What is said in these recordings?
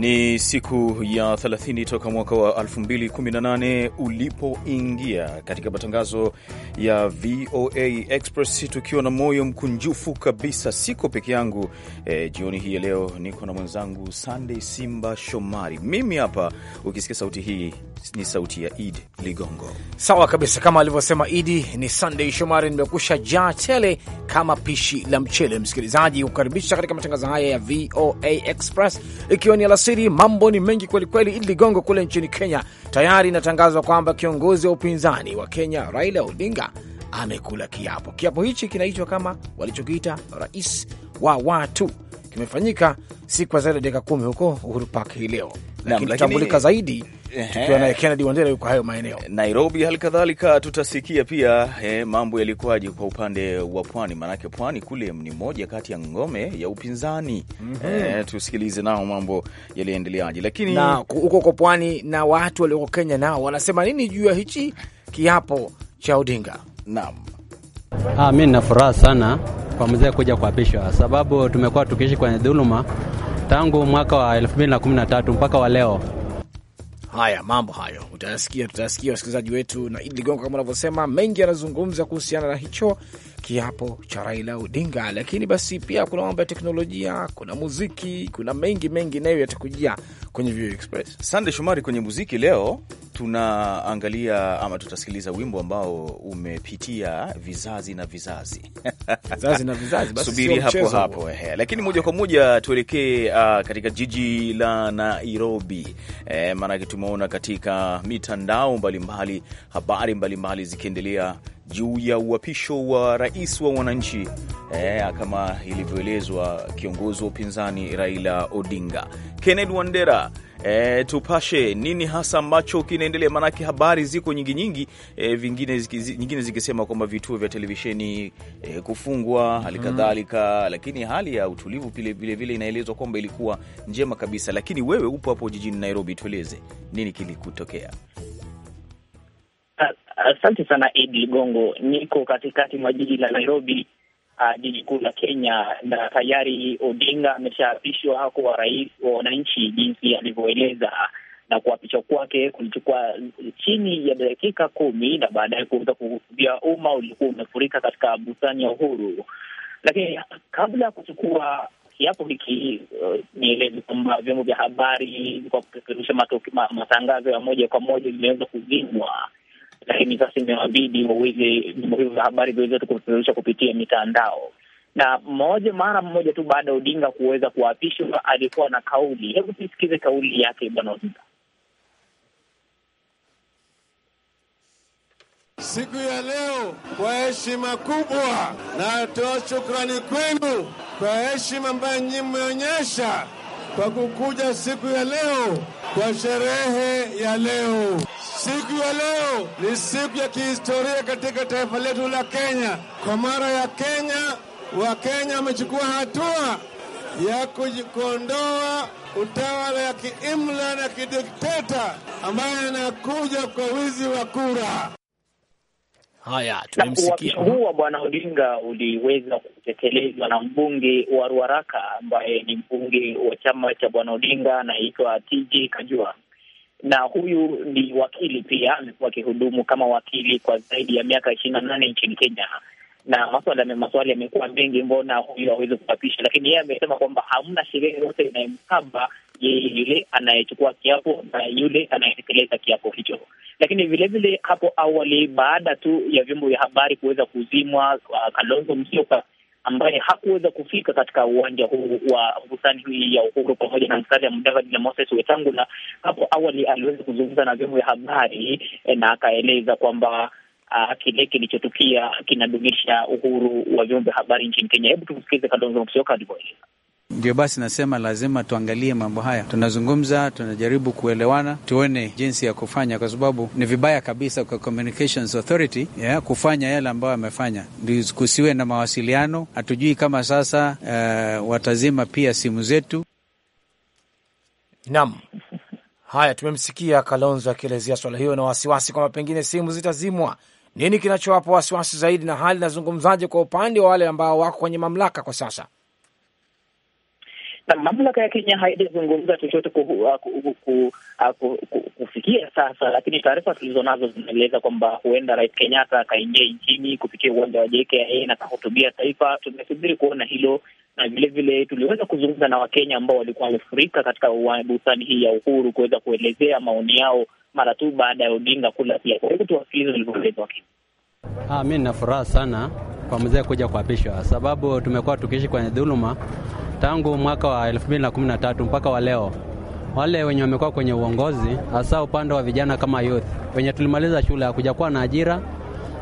Ni siku ya 30 toka mwaka wa 2018 ulipoingia katika matangazo ya VOA Express, tukiwa na moyo mkunjufu kabisa. Siko peke yangu eh, jioni hii ya leo niko na mwenzangu Sunday Simba Shomari. Mimi hapa, ukisikia sauti hii ni sauti ya Idi Ligongo. Sawa kabisa, kama alivyosema Idi, ni Sunday Shomari, nimekusha jaa tele kama pishi la mchele. Msikilizaji, kukaribisha katika matangazo haya ya VOA Express, ikiwa ni alasiri. Mambo ni mengi kwelikweli. Idi Ligongo kule nchini Kenya tayari inatangazwa kwamba kiongozi wa upinzani wa Kenya Raila Odinga amekula kiapo. Kiapo hichi kinaitwa kama walichokiita rais wa watu, kimefanyika siku ya zaidi ya dakika kumi huko Uhuru Park hii leo lakini zaidi tukiwa naye Kennedy Wandera yuko hayo maeneo Nairobi. Hali kadhalika tutasikia pia eh, mambo yalikuwaje kwa upande wa pwani, maanake pwani kule ni moja kati ya ngome ya upinzani mm -hmm. Eh, tusikilize nao mambo yaliendeleaje, lakini na huko kwa pwani na watu walioko Kenya nao wanasema nini juu ya hichi kiapo cha Odinga? Naam, ah, mi nina furaha sana kwa mzee kuja kuapishwa, sababu tumekuwa tukiishi kwenye dhuluma tangu mwaka wa 2013 mpaka wa leo. Haya, mambo hayo utayasikia, tutayasikia wasikilizaji wetu, na Idi Ligongo kama unavyosema mengi yanazungumza kuhusiana na hicho kiapo cha Raila Odinga. Lakini basi pia kuna mambo ya teknolojia, kuna muziki, kuna mengi mengi nayo yatakujia kwenye View Express. Sande Shomari, kwenye muziki leo tunaangalia ama tutasikiliza wimbo ambao umepitia vizazi na vizazi, vizazi na vizazi. Basi subiri hapo hapo, ehe. Lakini moja kwa moja tuelekee uh, katika jiji la Nairobi e, maanake tumeona katika mitandao mbalimbali habari mbalimbali zikiendelea juu ya uapisho wa rais wa wananchi eh, kama ilivyoelezwa kiongozi wa upinzani Raila Odinga. kenned Wandera, e, tupashe nini hasa ambacho kinaendelea? Maanake habari ziko nyingi nyingi, e, vingine zikiz, nyingine zikisema kwamba vituo vya televisheni e, kufungwa hali mhm. kadhalika, lakini hali ya utulivu vilevile inaelezwa kwamba ilikuwa njema kabisa. Lakini wewe upo hapo jijini Nairobi, tueleze nini kilikutokea? Asante sana Ed Ligongo, niko katikati mwa jiji la Nairobi, uh, jiji kuu la Kenya, na tayari Odinga ameshaapishwa wa rais wa wananchi jinsi alivyoeleza, na kuapishwa kwake kulichukua chini ya dakika kumi na baadaye kuweza kuhutubia umma uliokuwa umefurika katika bustani ya Uhuru. Lakini kabla ya kuchukua kiapo hiki, uh, nieleze kwamba vyombo vya habari kwa kupeperusha matangazo ya moja kwa moja vimeweza kuzimwa lakini sasa imewabidi waweze vyombo hivyo vya habari viweze tu kupeperusha kupitia mitandao. Na moja mara mmoja tu baada ya Odinga kuweza kuapishwa, alikuwa na kauli. Hebu tusikize kauli yake Bwana Odinga. Siku ya leo kwa heshima kubwa, natoa shukrani kwenu kwa heshima ambayo nyinyi mmeonyesha kwa kukuja siku ya leo kwa sherehe ya leo. Siku ya leo ni siku ya kihistoria katika taifa letu la Kenya. Kwa mara ya Kenya, Wakenya wamechukua hatua ya kuondoa utawala ya kiimla na kidikteta ambayo inakuja kwa wizi wa kura. Haya, tumemsikia huu wa bwana Odinga uliweza kutekelezwa na mbunge wa Ruaraka ambaye ni mbunge wa chama cha bwana Odinga, anaitwa TJ Kajua, na huyu ni wakili pia, amekuwa akihudumu kama wakili kwa zaidi ya miaka ishirini na nane nchini Kenya, na maswala maswali yamekuwa mengi, mbona huyu hawezi kuapisha, lakini yeye amesema kwamba hamna sheria yoyote inayemkaba yule anayechukua kiapo na yule anayetekeleza kiapo hicho. Lakini vilevile hapo awali, baada tu ya vyombo vya habari kuweza kuzimwa, uh, Kalonzo Musyoka ambaye hakuweza kufika katika uwanja huu wa bustani hii ya Uhuru pamoja na Musalia Mudavadi na Moses Wetangula, hapo awali aliweza kuzungumza na vyombo vya habari eh, na akaeleza kwamba Uh, kile kilichotukia kinadumisha uhuru wa vyombo vya habari nchini Kenya. Hebu tumsikilize Kalonzo Musyoka alivyoeleza. Ndio basi nasema lazima tuangalie mambo haya, tunazungumza, tunajaribu kuelewana, tuone jinsi ya kufanya, kwa sababu ni vibaya kabisa kwa Communications Authority yeah, kufanya yale ambayo amefanya, kusiwe na mawasiliano. Hatujui kama sasa uh, watazima pia simu zetu. Naam. Haya, tumemsikia Kalonzo akielezea swala hiyo na wasiwasi kwamba pengine simu zitazimwa. Nini kinachowapa wasiwasi zaidi, na hali inazungumzaje kwa upande wa wale ambao wako kwenye mamlaka kwa sasa? na mamlaka ya Kenya haijazungumza chochote kufikia uh, ku, ku, ku, uh, ku, ku, sasa, lakini taarifa tulizonazo zinaeleza kwamba huenda Rais Kenyatta akaingia nchini kupitia uwanja wa JKIA na akahutubia taifa. Tumesubiri kuona hilo na vilevile tuliweza kuzungumza na Wakenya ambao walikuwa wamefurika katika bustani hii ya Uhuru kuweza kuelezea maoni yao mara tu baada ya Odinga kula pia. Kwa hivyo tuwasikilize walivyoeleza Wakenya. Ah, Mi nina furaha sana kwa mzee kuja kuapishwa, sababu tumekuwa tukiishi kwenye dhuluma tangu mwaka wa 2013 mpaka wa leo, wale wenye wamekuwa kwenye uongozi, hasa upande wa vijana kama youth wenye tulimaliza shule kuwa na ajira.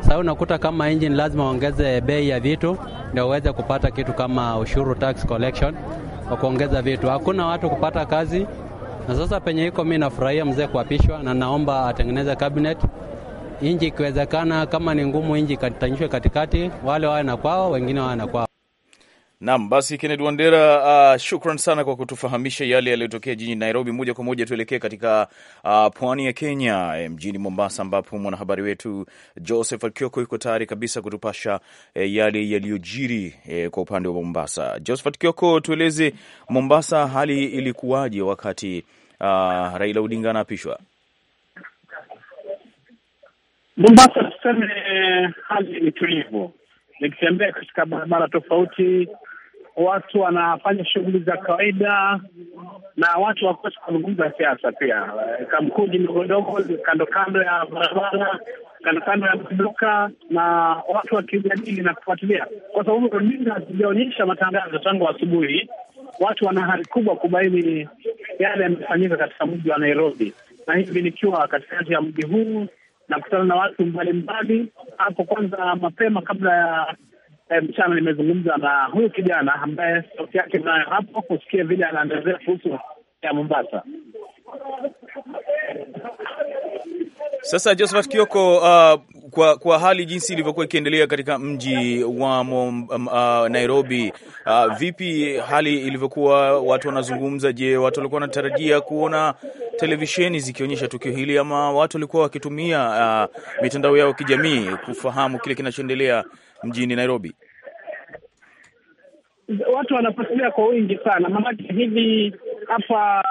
Sasa unakuta kama engine lazima waongeze bei ya vitu ndio uweze kupata kitu kama ushuru tax collection wa kuongeza vitu. Hakuna watu kupata kazi, na sasa penye iko, mimi nafurahia mzee kuapishwa, na naomba atengeneze cabinet inji ikiwezekana, kama ni ngumu inji ikatanishwe katikati, wale wawe na kwao, wengine wawe na kwao. Naam, basi Kennedy Wandera, uh, shukran sana kwa kutufahamisha yale yaliyotokea jijini Nairobi. Moja kwa moja tuelekee katika uh, pwani ya Kenya, eh, mjini Mombasa, ambapo mwanahabari wetu Joseph Kioko yuko tayari kabisa kutupasha eh, yale yaliyojiri eh, kwa upande wa Mombasa. Joseph Kioko, tueleze Mombasa, hali ilikuwaje wakati uh, Raila Odinga anaapishwa? Mombasa tuseme eh, hali ni tulivu, nikitembea katika barabara tofauti watu wanafanya shughuli za kawaida na watu wakosa kuzungumza siasa pia, kamkuji ndogondogo kando kando ya barabara, kando kando ya maduka, na watu wakijadili na kufuatilia, kwa sababu runinga hazijaonyesha matangazo tangu asubuhi. Watu wana hari kubwa kubaini yale yamefanyika katika mji wa Nairobi, na hivi nikiwa katikati ya mji huu na kutana na watu mbalimbali hapo. Kwanza mapema kabla ya Eh, mchana nimezungumza na huyu kijana ambaye sauti yake nayo hapo, kusikia vile anaangazia kuhusu ya Mombasa. Sasa Josephat Kioko, uh, kwa kwa hali jinsi ilivyokuwa ikiendelea katika mji wa um, uh, Nairobi, uh, vipi hali ilivyokuwa, watu wanazungumza? Je, watu walikuwa wanatarajia kuona televisheni zikionyesha tukio hili ama watu walikuwa wakitumia uh, mitandao yao kijamii kufahamu kile kinachoendelea mjini Nairobi? Watu wanafuatilia kwa wingi sana, maanake hivi hapa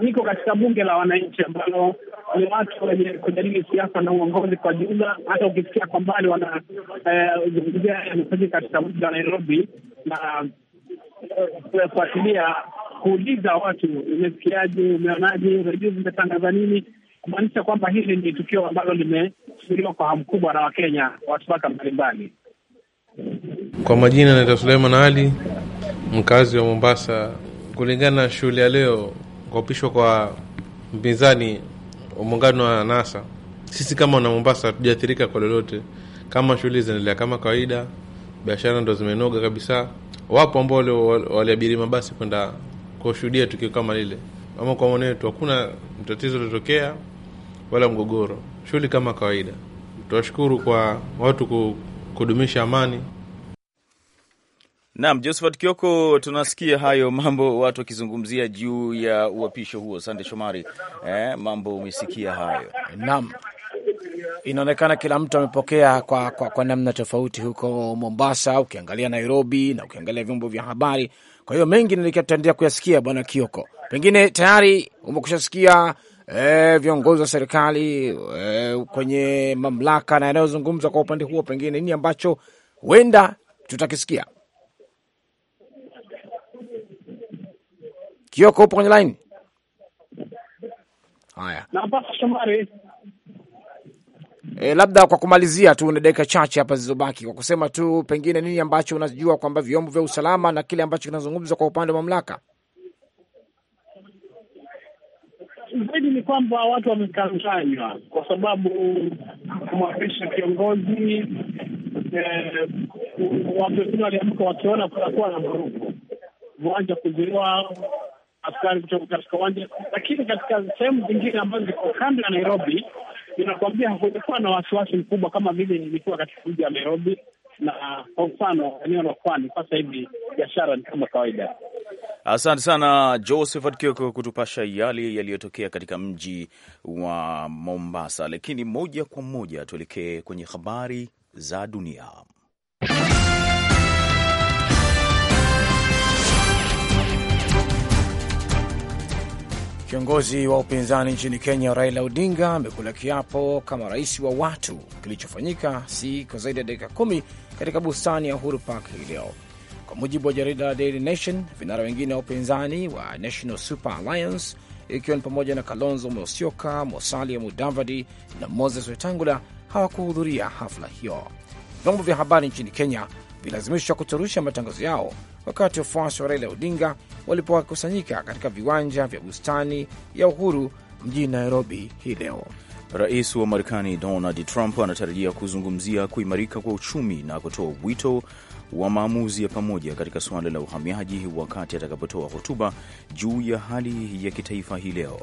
niko katika bunge la wananchi ambalo ni watu wenye kujadili siasa na uongozi kwa jumla. Hata ukisikia kwa mbali wanazungumzia eh, yanafanyika katika mji wa Nairobi na eh, kuyafuatilia kuuliza watu, umesikiaje? Umeonaje? redio zimetangaza nini? Kumaanisha kwamba hili ni tukio ambalo limesubiriwa kwa hamu kubwa na Wakenya watu waka mbalimbali. Kwa majina naitwa Suleiman Ali, mkazi wa Mombasa. Kulingana na shughuli ya leo, kuapishwa kwa mpinzani wa muungano wa NASA, sisi kama wana Mombasa hatujaathirika kwa lolote, kama shughuli zinaendelea kama kawaida, biashara ndo zimenoga kabisa. Wapo ambao waliabiri mabasi kwenda kushuhudia tukio kama lile, ama kwa maana yetu hakuna mtatizo lilotokea wala mgogoro, shughuli kama kawaida. Tuwashukuru kwa watu kudumisha amani. Naam, Josephat Kioko, tunasikia hayo mambo, watu wakizungumzia juu ya uhapisho huo. Sande Shomari, eh, mambo umesikia hayo? Naam, inaonekana kila mtu amepokea kwa, kwa, kwa namna tofauti huko Mombasa, ukiangalia Nairobi na ukiangalia vyombo vya habari. Kwa hiyo mengi nilikuwa tutaendelea kuyasikia. Bwana Kioko, pengine tayari umekushasikia E, eh, viongozi wa serikali e, kwenye mamlaka na yanayozungumza kwa upande huo, pengine nini ambacho huenda tutakisikia? Kioko, upo kwenye line? Haya, e, labda kwa kumalizia tu na dakika chache hapa zilizobaki, kwa kusema tu pengine nini ambacho unajua kwamba vyombo vya usalama na kile ambacho kinazungumzwa kwa upande wa mamlaka zaidi ni kwamba watu wamekanganywa kwa sababu kumwapisha kiongozi eh, watu wengine waliamka wakiona kunakuwa na vurugu, viwanja kuzuiwa, askari kutoka katika uwanja, lakini katika sehemu zingine ambazo ziko kando ya Nairobi, inakuambia hakujakuwa na wasiwasi mkubwa kama vile ilikuwa katika mji wa Nairobi na kwa mfano eneo la pwani sasa hivi biashara ni kama kawaida. Asante sana Josephat Kioko kutupasha yale yaliyotokea katika mji wa Mombasa, lakini moja kwa moja tuelekee kwenye habari za dunia. Kiongozi wa upinzani nchini Kenya Raila Odinga amekula kiapo kama rais wa watu, kilichofanyika si kwa zaidi ya dakika kumi katika bustani ya Uhuru Park hii leo. Kwa mujibu wa jarida la Daily Nation, vinara wengine wa upinzani wa National Super Alliance, ikiwa ni pamoja na Kalonzo Musyoka, Musalia Mudavadi na Moses Wetangula hawakuhudhuria hafla hiyo. Vyombo vya habari nchini Kenya vilazimishwa kutorusha matangazo yao wakati wafuasi wa Raila Odinga walipokusanyika katika viwanja vya bustani ya Uhuru mjini Nairobi hii leo. Rais wa Marekani Donald Trump anatarajia kuzungumzia kuimarika kwa uchumi na kutoa wito wa maamuzi ya pamoja katika suala la uhamiaji wakati atakapotoa hotuba juu ya hali ya kitaifa hii leo.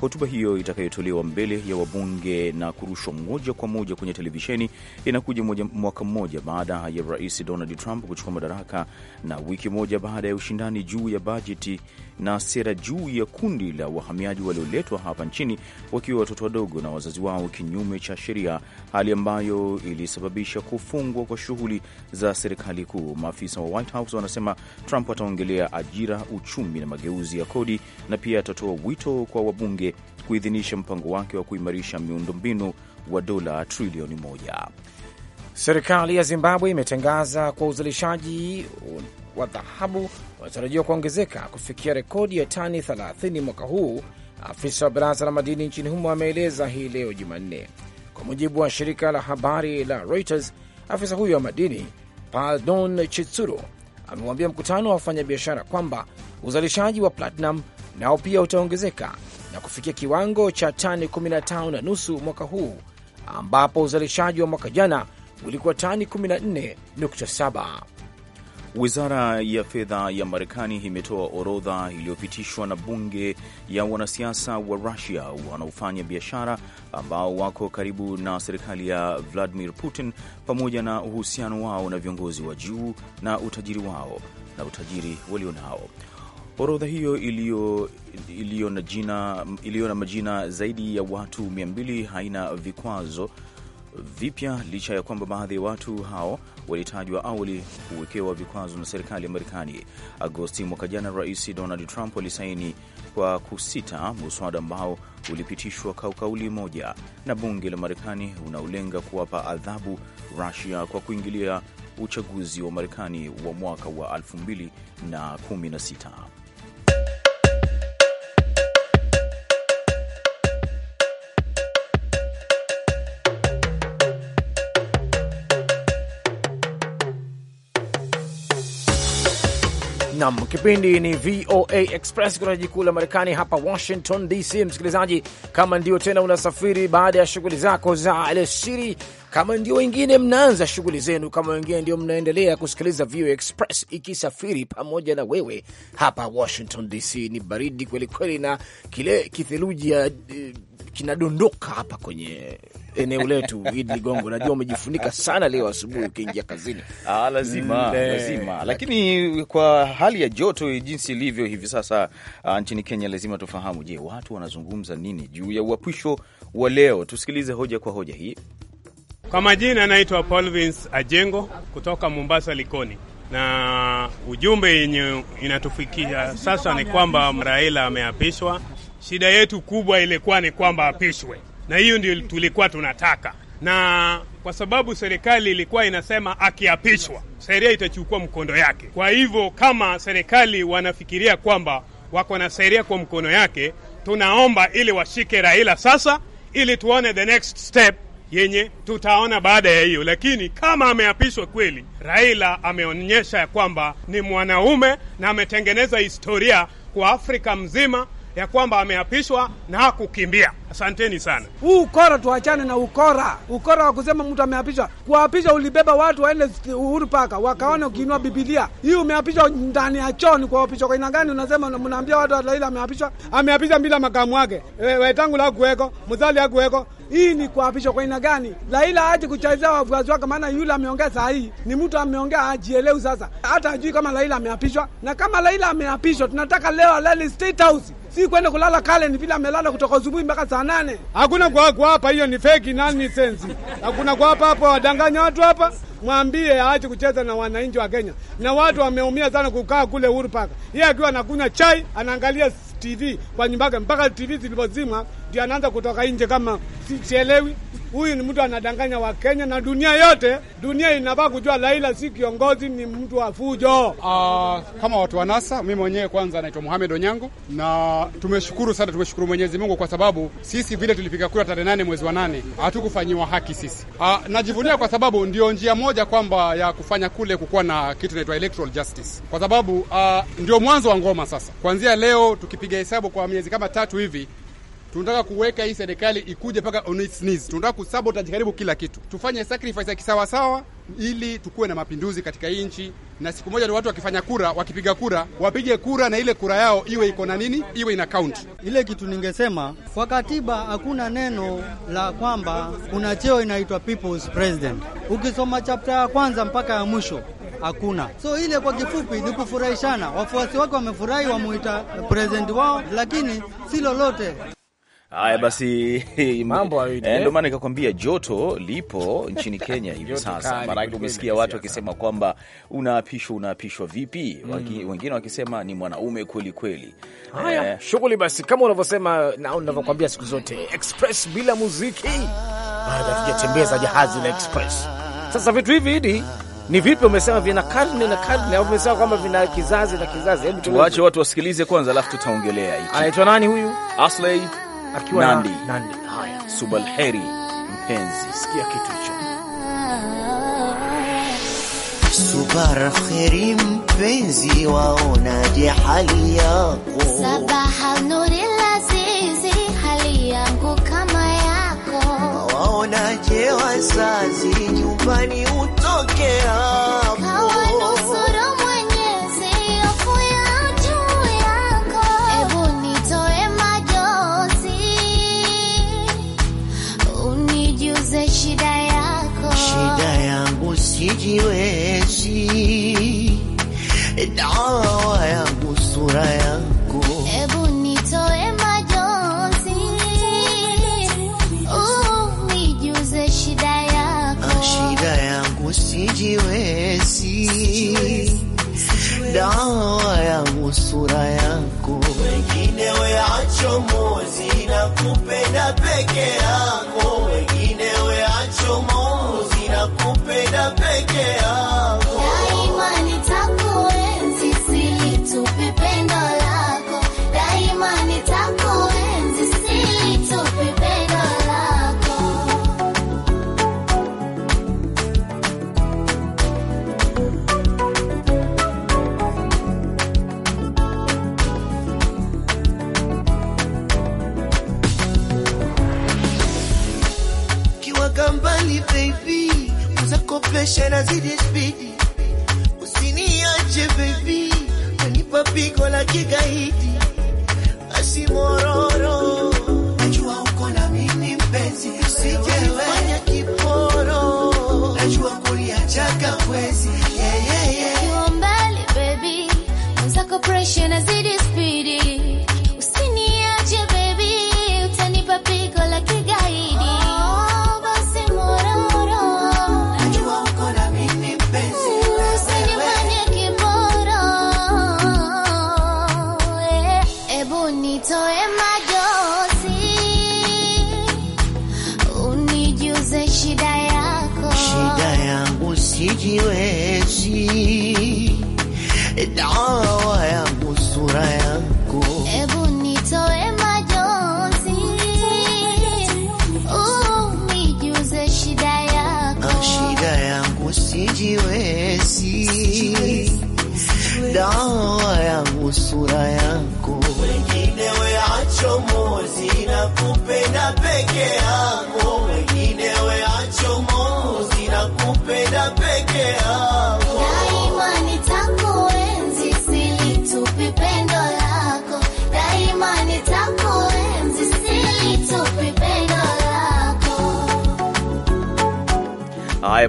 Hotuba hiyo itakayotolewa mbele ya wabunge na kurushwa moja kwa moja kwenye televisheni inakuja moja, mwaka mmoja baada ya Rais Donald Trump kuchukua madaraka na wiki moja baada ya ushindani juu ya bajeti na sera juu ya kundi la wahamiaji walioletwa hapa nchini wakiwa watoto wadogo na wazazi wao kinyume cha sheria, hali ambayo ilisababisha kufungwa kwa shughuli za serikali kuu. Maafisa wa White House wanasema Trump ataongelea ajira, uchumi na mageuzi ya kodi, na pia atatoa wito kwa wabunge kuidhinisha mpango wake wa kuimarisha miundombinu wa dola trilioni moja. Serikali ya Zimbabwe imetangaza kwa uzalishaji wa dhahabu unatarajiwa kuongezeka kufikia rekodi ya tani 30 mwaka huu, afisa wa baraza la madini nchini humo ameeleza hii leo Jumanne, kwa mujibu wa shirika la habari la Reuters. Afisa huyo wa madini Pardon Chitsuro amemwambia mkutano wa wafanyabiashara kwamba uzalishaji wa platinum nao pia utaongezeka na kufikia kiwango cha tani 15 na nusu mwaka huu ambapo uzalishaji wa mwaka jana ulikuwa tani 14.7. Wizara ya fedha ya Marekani imetoa orodha iliyopitishwa na bunge ya wanasiasa wa Rusia wanaofanya biashara ambao wako karibu na serikali ya Vladimir Putin pamoja na uhusiano wao na viongozi wa juu na utajiri wao na utajiri walionao. Orodha hiyo iliyo iliyo na majina zaidi ya watu 200 haina vikwazo vipya licha ya kwamba baadhi ya watu hao walitajwa awali kuwekewa vikwazo na serikali ya Marekani. Agosti mwaka jana, Rais Donald Trump alisaini kwa kusita muswada ambao ulipitishwa kwa kauli moja na bunge la Marekani unaolenga kuwapa adhabu Rusia kwa kuingilia uchaguzi wa Marekani wa mwaka wa 2016. Nam, kipindi ni VOA Express kutoka jiji kuu la Marekani hapa Washington DC. Msikilizaji, kama ndio tena unasafiri baada ya shughuli zako za alasiri, kama ndio wengine mnaanza shughuli zenu, kama wengine ndio mnaendelea kusikiliza VOA Express ikisafiri pamoja na wewe hapa Washington DC. Ni baridi kwelikweli na kile kitheluji eh, kinadondoka hapa kwenye eneo letu Idi Ligongo, najua umejifunika sana leo asubuhi ukiingia kazini. Ah, lazima mm. lazima, eh. lakini kwa hali ya joto jinsi ilivyo hivi sasa uh, nchini Kenya lazima tufahamu, je, watu wanazungumza nini juu ya uapisho wa leo? Tusikilize hoja kwa hoja hii. Kwa majina anaitwa Paul Vince Ajengo kutoka Mombasa Likoni, na ujumbe yenye inatufikia sasa ni kwamba Raila ameapishwa. Shida yetu kubwa ilikuwa ni kwamba apishwe na hiyo ndio tulikuwa tunataka, na kwa sababu serikali ilikuwa inasema akiapishwa sheria itachukua mkondo yake. Kwa hivyo kama serikali wanafikiria kwamba wako na sheria kwa mkono yake, tunaomba ili washike Raila sasa, ili tuone the next step yenye tutaona baada ya hiyo. Lakini kama ameapishwa kweli, Raila ameonyesha ya kwamba ni mwanaume na ametengeneza historia kwa Afrika mzima ya kwamba ameapishwa na hakukimbia. Asanteni sana. Huu ukora tuachane na ukora, ukora wa kusema mtu ameapishwa. Kuapishwa ulibeba watu waende Uhuru paka wakaona, ukiinua Bibilia hii umeapishwa ndani ya choo. Ni kuapishwa kwa aina gani? Unasema mnaambia watu Raila ameapishwa, ameapishwa bila makamu wake, Wetangula e, hakuweko, Muzali hakuweko. Hii ni kuapishwa kwa aina gani? Laila aje kuchezea wafuasi wake, maana yule ameongea saa hii ni mtu ameongea, ajielewi sasa, hata ajui kama Laila ameapishwa. Na kama Laila ameapishwa, tunataka leo alale State House, si kwenda kulala kale, ni vile amelala kutoka asubuhi mpaka saa nane. Hakuna kwa hapa, hiyo ni feki nani sensi. Hakuna kwa hapa hapa, wadanganya watu hapa. Mwambie aache kucheza na wananchi wa Kenya, na watu wameumia sana kukaa kule Uhuru Park, yeye akiwa anakunywa chai anaangalia TV kwa nyumba mpaka TV zilipozimwa ndio anaanza kutoka nje, kama sielewi Huyu ni mtu anadanganya wa kenya na dunia yote. Dunia inafaa kujua Laila si kiongozi, ni mtu wa fujo. Uh, kama watu wa NASA, mimi mwenyewe kwanza naitwa muhamed Onyango, na tumeshukuru sana, tumeshukuru Mwenyezi Mungu kwa sababu sisi vile tulipiga kura tarehe nane mwezi wa nane hatukufanyiwa haki sisi. Uh, najivunia kwa sababu ndio njia moja kwamba ya kufanya kule kukuwa na kitu inaitwa electoral justice, kwa sababu uh, ndio mwanzo wa ngoma sasa. Kuanzia leo tukipiga hesabu kwa miezi kama tatu hivi tunataka kuweka hii serikali ikuje mpaka on its knees. Tunataka kusabotage karibu kila kitu, tufanye sacrifice ya kisawasawa ili tukuwe na mapinduzi katika hii nchi, na siku moja ni watu wakifanya kura, wakipiga kura, wapige kura na ile kura yao iwe iko na nini, iwe ina count. Ile kitu ningesema kwa katiba hakuna neno la kwamba kuna cheo inaitwa people's president. Ukisoma chapter ya kwanza mpaka ya mwisho hakuna. So ile kwa kifupi ni kufurahishana. Wafuasi wake wamefurahi, wamuita president wao, lakini si lolote. Haya basi, mambo eh, ndio eh? maana nikakwambia joto lipo nchini Kenya hivi sasa. Maanake umesikia watu wakisema kwamba unaapishwa, unaapishwa vipi? mm. Wengine wakisema ni mwanaume kweli kweli. Haya, eh, shughuli basi, kama unavyosema na unavyokwambia siku zote, express bila muziki hatujatembeza jahazi la express. Sasa vitu hivi hidi ni vipi? Umesema vina karne na karne, au umesema kwamba vina kizazi na kizazi? Hebu tuache watu wasikilize kwanza, alafu tutaongelea hiki. Anaitwa nani huyu? Asley akiwa Nandi. Nandi. Haya, subalheri mpenzi, sikia kitu hicho. Subalheri mpenzi, waonaje hali yako? Sabaha nuri lazizi, hali yangu kama yako. Waonaje wazazi, nyumbani utokea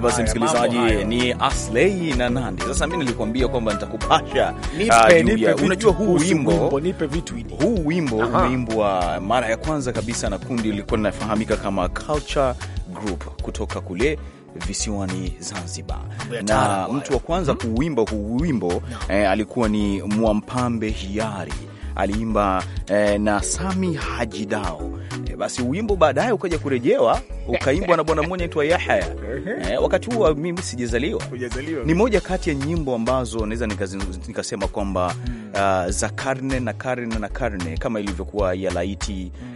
haya basi, msikilizaji, ni Aslei na Nandi. Sasa mi nilikuambia kwamba nitakupasha. Uh, unajua huu wimbo, nipe vitu hivi. Huu wimbo umeimbwa mara ya kwanza kabisa na kundi lilikuwa linafahamika kama Culture Group kutoka kule visiwani Zanzibar na mtu wa kwanza hmm? kuuimba huu wimbo eh, alikuwa ni Mwampambe Hiari aliimba eh, na Sami Haji Dao. E, eh, basi wimbo baadaye ukaja kurejewa ukaimbwa na bwana mmoja anaitwa Yahaya. E, eh, wakati huo mimi sijazaliwa. Ni moja kati ya nyimbo ambazo naweza nikasema kwamba uh, za karne na karne na karne kama ilivyokuwa ya laiti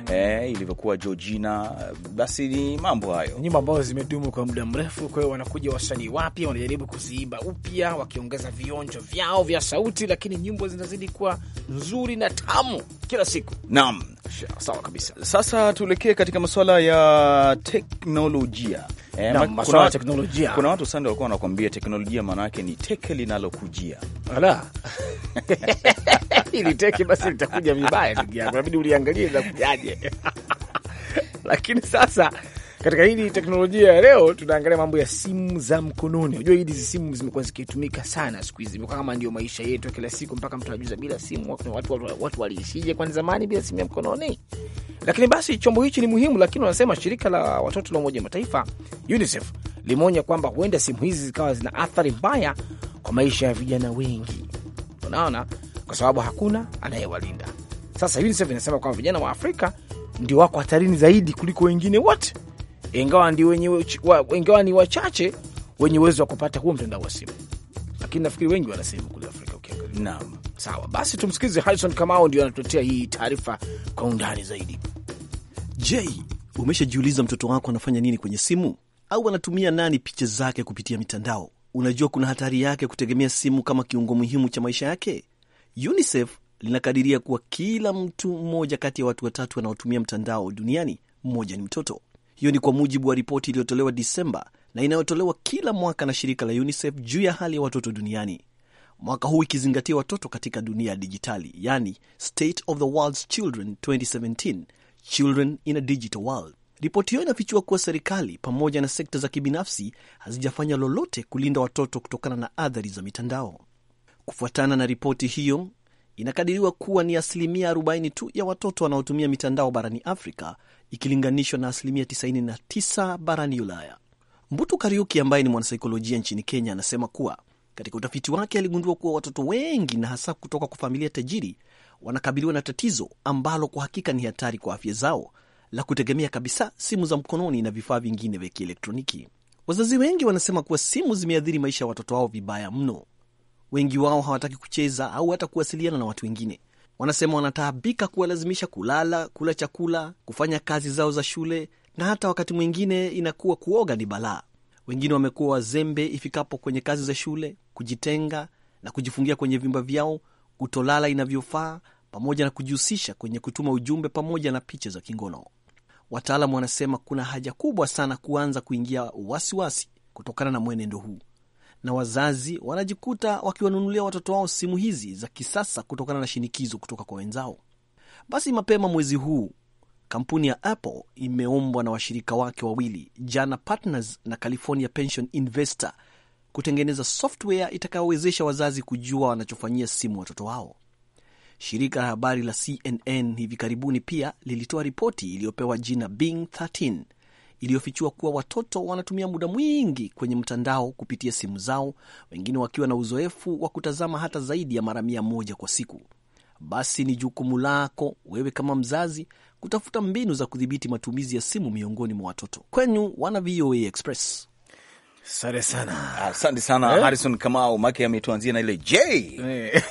hmm. eh, ilivyokuwa Georgina, basi ni mambo hayo, nyimbo ambazo zimedumu kwa muda mrefu. Kwa hiyo wanakuja wasanii wapya wanajaribu kuziimba upya, wakiongeza vionjo vyao vya sauti, lakini nyimbo zinazidi kuwa nzuri na dunia tamu kila siku. Naam, sawa kabisa. Sasa tuelekee katika masuala ya teknolojia. E, eh, na, kuna, teknolojia. Kuna watu sana walikuwa wanakuambia teknolojia maana yake ni teke linalokujia. Ala. Ili teke basi litakuja vibaya, ndugu yangu. Inabidi uliangalie kujaje. Lakini sasa katika hili teknolojia ya leo tunaangalia mambo ya simu za mkononi. Unajua hizi simu zimekuwa zikitumika sana siku hizi, imekuwa kama ndio maisha yetu kila siku, mpaka mtu anajuza bila simu. Watu, watu, watu, watu waliishije kwani zamani bila simu ya mkononi? Lakini basi chombo hichi ni muhimu, lakini wanasema shirika la watoto la Umoja Mataifa UNICEF limeonya kwamba huenda simu hizi zikawa zina athari mbaya kwa maisha ya vijana wengi, unaona, kwa sababu hakuna anayewalinda. Sasa UNICEF inasema kwamba vijana wa Afrika ndio wako hatarini zaidi kuliko wengine wote ingawa ndio wenye wa, ingawa ni wachache wenye uwezo wa kupata huo mtandao wa simu, lakini nafikiri wengi wana simu kule Afrika ukiangalia. Naam, sawa basi, tumsikilize Harrison Kamau, ndio anatuletea hii taarifa kwa undani zaidi. Je, umeshajiuliza mtoto wako anafanya nini kwenye simu au anatumia nani picha zake kupitia mitandao? Unajua kuna hatari yake kutegemea simu kama kiungo muhimu cha maisha yake. UNICEF linakadiria kuwa kila mtu mmoja kati ya watu watatu wanaotumia mtandao duniani mmoja ni mtoto. Hiyo ni kwa mujibu wa ripoti iliyotolewa Disemba na inayotolewa kila mwaka na shirika la UNICEF juu ya hali ya watoto duniani, mwaka huu ikizingatia watoto katika dunia ya dijitali, yani State of the World's Children 2017 Children in a Digital World. Ripoti hiyo inafichua kuwa serikali pamoja na sekta za kibinafsi hazijafanya lolote kulinda watoto kutokana na athari za mitandao. Kufuatana na ripoti hiyo, inakadiriwa kuwa ni asilimia 40 tu ya watoto wanaotumia mitandao barani Afrika ikilinganishwa na asilimia 99 barani Ulaya. Mbutu Kariuki ambaye ni mwanasaikolojia nchini Kenya anasema kuwa katika utafiti wake aligundua kuwa watoto wengi na hasa kutoka kwa familia tajiri wanakabiliwa na tatizo ambalo kwa hakika ni hatari kwa afya zao, la kutegemea kabisa simu za mkononi na vifaa vingine vya kielektroniki. Wazazi wengi wanasema kuwa simu zimeathiri maisha ya watoto wao vibaya mno, Wengi wao hawataki kucheza au hata kuwasiliana na watu wengine. Wanasema wanataabika kuwalazimisha kulala, kula chakula, kufanya kazi zao za shule, na hata wakati mwingine inakuwa kuoga ni balaa. Wengine wamekuwa wazembe ifikapo kwenye kazi za shule, kujitenga na kujifungia kwenye vyumba vyao, kutolala inavyofaa, pamoja na kujihusisha kwenye kutuma ujumbe pamoja na picha za kingono. Wataalamu wanasema kuna haja kubwa sana kuanza kuingia wasiwasi wasi kutokana na mwenendo huu na wazazi wanajikuta wakiwanunulia watoto wao simu hizi za kisasa kutokana na shinikizo kutoka kwa wenzao. Basi mapema mwezi huu kampuni ya Apple imeombwa na washirika wake wawili Jana Partners na California Pension Investor kutengeneza software itakayowezesha wazazi kujua wanachofanyia simu watoto wao. Shirika la habari la CNN hivi karibuni pia lilitoa ripoti iliyopewa jina Bing iliyofichua kuwa watoto wanatumia muda mwingi kwenye mtandao kupitia simu zao, wengine wakiwa na uzoefu wa kutazama hata zaidi ya mara mia moja kwa siku. Basi ni jukumu lako wewe kama mzazi kutafuta mbinu za kudhibiti matumizi ya simu miongoni mwa watoto. kwenyu wana VOA Express. Asante sana, asante sana eh? Harrison Kamau make ametuanzia na ile J eh.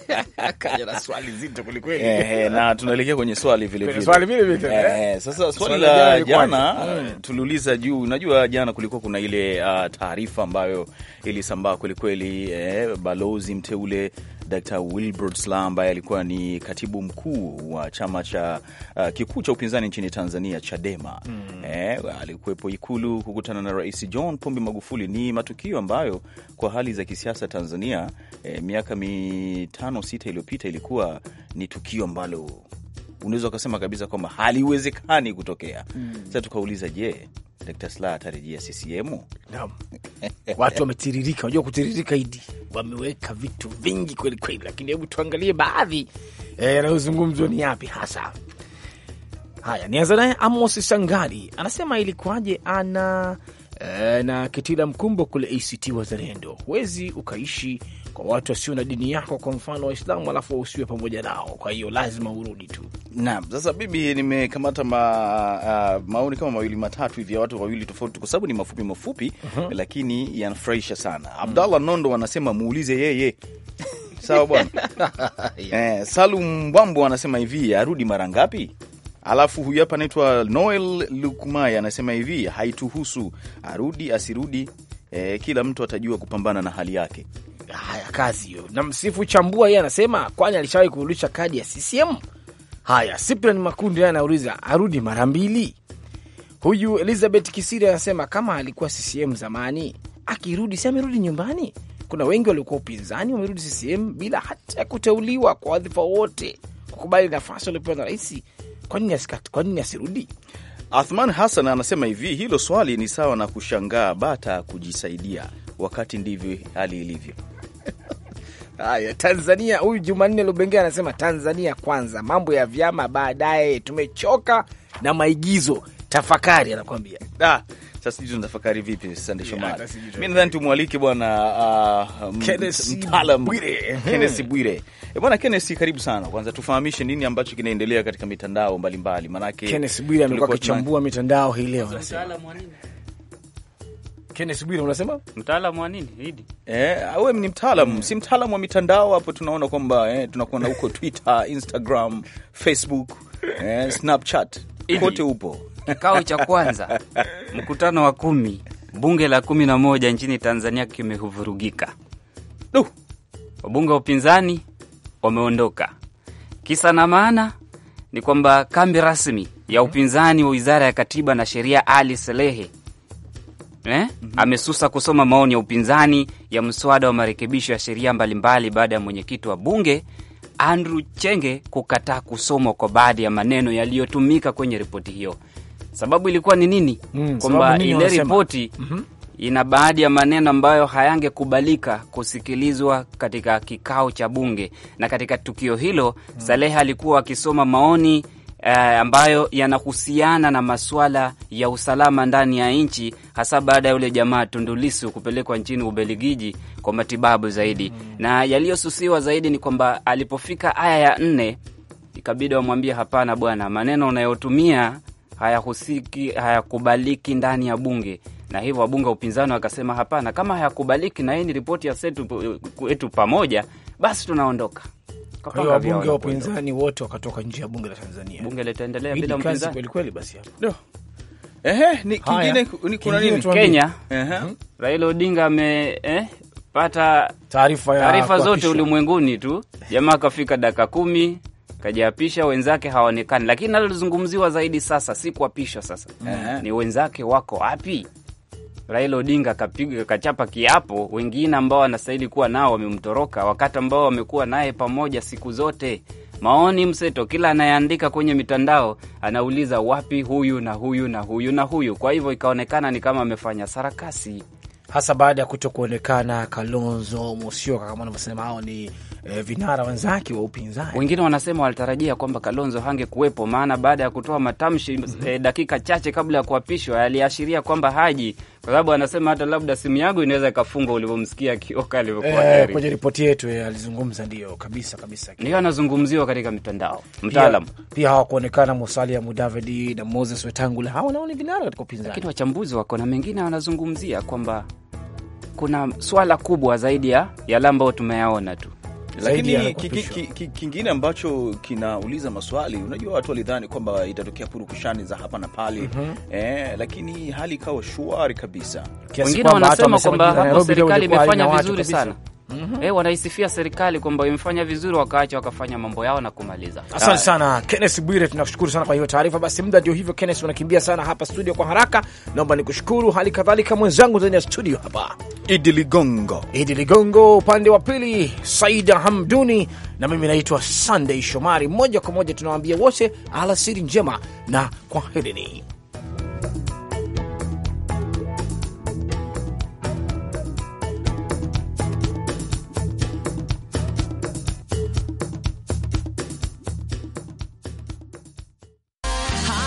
na swali zito kulikweli eh, na tunaelekea kwenye swali vile vile swali vile vile eh, eh? eh sasa swali la jana mm. tuliuliza juu, unajua jana kulikuwa kuna ile uh, taarifa ambayo ilisambaa kwelikweli eh, balozi mteule Dr. Wilbrod Slaa ambaye alikuwa ni katibu mkuu wa chama cha uh, kikuu cha upinzani nchini Tanzania Chadema. mm E, alikuwepo Ikulu kukutana na Rais John Pombe Magufuli. Ni matukio ambayo kwa hali za kisiasa Tanzania e, miaka mitano sita iliyopita ilikuwa ni tukio ambalo unaweza ukasema kabisa kwamba haliwezekani kutokea. Mm. Sasa tukauliza, je, Dr. Slaa atarejea CCM? Naam. Watu wametiririka, unajua kutiririka idi, wameweka vitu vingi kweli kweli, lakini hebu tuangalie baadhi e, yanayozungumzwa e, ni yapi hasa. Haya, nianza naye Amos Sangari anasema ilikuwaje ana e, na Kitila Mkumbo kule ACT Wazalendo, huwezi ukaishi kwa watu wasio na dini yako, kwa mfano Waislamu, alafu usiwe pamoja nao. Kwa hiyo lazima urudi tu. Naam, sasa bibi, nimekamata ma, uh, maoni kama mawili matatu hivi ya watu wawili tofauti, kwa sababu ni mafupi mafupi, uh mhm. -huh. lakini yanafurahisha sana. Abdallah Nondo anasema muulize yeye sawa bwana yeah. eh, Salum Bwambo anasema hivi arudi mara ngapi? Alafu huyu hapa anaitwa Noel Lukmaya anasema hivi haituhusu, arudi asirudi, eh, kila mtu atajua kupambana na hali yake ya kazi hiyo. Na Msifu Chambua yeye anasema kwani alishawahi kurudisha kadi ya CCM? Haya, Cyprian Makundi naye anauliza arudi mara mbili. Huyu Elizabeth Kisiri anasema kama alikuwa CCM zamani, akirudi si amerudi nyumbani. Kuna wengi waliokuwa upinzani wamerudi CCM bila hata ya kuteuliwa kwa wadhifa wote, kukubali nafasi waliopewa na rais. Kwa nini asirudi? Athman Hassan anasema hivi, hilo swali ni sawa na kushangaa bata kujisaidia, wakati ndivyo hali ilivyo. Haya, Tanzania. Huyu Jumanne Lubenge anasema Tanzania kwanza, mambo ya vyama baadaye, tumechoka na maigizo. Tafakari anakuambia ah. Sasa sijui tunatafakari vipi, Sande Shomari? Mi nadhani tumwalike bwana ah, mtaalam Kennesi Bwire. Eh, bwana Kennesi, karibu sana. Kwanza tufahamishe nini ambacho kinaendelea katika mitandao mbalimbali, maanake Kennesi Bwire amekuwa akichambua mitandao hii leo. Bwire, unasema mtaalamu wa nini Idi? Eh, ni mtaalamu mm. si mtaalamu wa mitandao hapo. Tunaona kwamba eh, tunakuona huko Twitter, Instagram, Facebook, eh, Snapchat kote upo. Kikao cha kwanza mkutano wa kumi bunge la kumi na moja nchini Tanzania kimevurugika. Wabunge wa upinzani wameondoka. Kisa na maana ni kwamba kambi rasmi ya upinzani wa wizara ya katiba na sheria Ali Selehe eh? mm -hmm. Amesusa kusoma maoni ya upinzani ya mswada wa marekebisho ya sheria mbalimbali baada ya mwenyekiti wa bunge Andrew Chenge kukataa kusomwa kwa baadhi ya maneno yaliyotumika kwenye ripoti hiyo. Sababu ilikuwa ni nini? Mm, kwamba ile ripoti mm -hmm. ina baadhi ya maneno ambayo hayangekubalika kusikilizwa katika kikao cha bunge, na katika tukio hilo mm Salehe alikuwa akisoma maoni eh, ambayo yanahusiana na masuala ya usalama ndani ya nchi, hasa baada ya yule jamaa Tundulisu kupelekwa nchini Ubeligiji kwa matibabu zaidi mm. Na yaliyosusiwa zaidi ni kwamba alipofika aya ya nne ikabidi wamwambie, hapana bwana, maneno unayotumia hayahusiki, hayakubaliki ndani ya bunge na hivyo wabunge wa upinzani wakasema hapana, kama hayakubaliki na hii ni ripoti ya setu wetu pamoja, basi tunaondoka wabunge wa upinzani wote wakatoka nje ya bunge la Tanzania. Bunge litaendelea bila mpinzani kweli kweli. Basi hapo ndio ehe, ni kingine ni kuna nini Kenya? Ehe, mhm. Raila Odinga ame eh, pata taarifa zote ulimwenguni tu, jamaa akafika dakika kumi kajiapisha, wenzake hawaonekani. Lakini nalozungumziwa zaidi sasa si kuapishwa sasa, mm -hmm. ni wenzake wako wapi? Raila Odinga kapiga kachapa kiapo, wengine ambao anastahili kuwa nao wamemtoroka, wakati ambao wamekuwa naye pamoja siku zote. Maoni mseto, kila anayeandika kwenye mitandao anauliza wapi huyu na huyu na huyu na huyu. Kwa hivyo ikaonekana ni kama amefanya sarakasi, hasa baada ya kuto kuonekana Kalonzo Musyoka, kama wanavyosema hao ni E, vinara wenzake wa upinzani. Wengine wanasema walitarajia kwamba Kalonzo hangekuwepo, maana baada ya kutoa matamshi mm -hmm. eh, dakika chache kabla ya kuapishwa aliashiria kwamba haji, kwa sababu anasema hata labda simu yangu inaweza ikafungwa, ulivyomsikia Kioka alivyokuwa. Eh, kwenye ripoti yetu e, alizungumza, ndio kabisa kabisa, ndio anazungumziwa katika mitandao. Mtaalam pia, pia hawakuonekana Musalia Mudavadi na Moses Wetangula, hawa nao ni vinara katika upinzani, lakini wachambuzi wako na mengine wanazungumzia kwamba kuna swala kubwa zaidi ya yale ambayo tumeyaona tu. Lakini kingine ambacho kinauliza maswali, unajua watu walidhani kwamba itatokea purukushani za hapa na pale mm -hmm. Eh, lakini hali ikawa shwari kabisa. Wengine wanasema kwamba hapo serikali imefanya vizuri sana kabisa mm -hmm. E, wanaisifia serikali kwamba imefanya vizuri, wakaacha wakafanya mambo yao na kumaliza. Asante sana Kennes Bwire, tunakushukuru sana kwa hiyo taarifa. Basi muda ndio hivyo, Kennes, unakimbia sana hapa studio kwa haraka, naomba nikushukuru. Hali kadhalika mwenzangu ndani ya studio hapa Idi Ligongo, Idi Ligongo upande wa pili Saida Hamduni, na mimi naitwa Sunday Shomari. Moja kwa moja tunawaambia wote alasiri njema na kwaherini.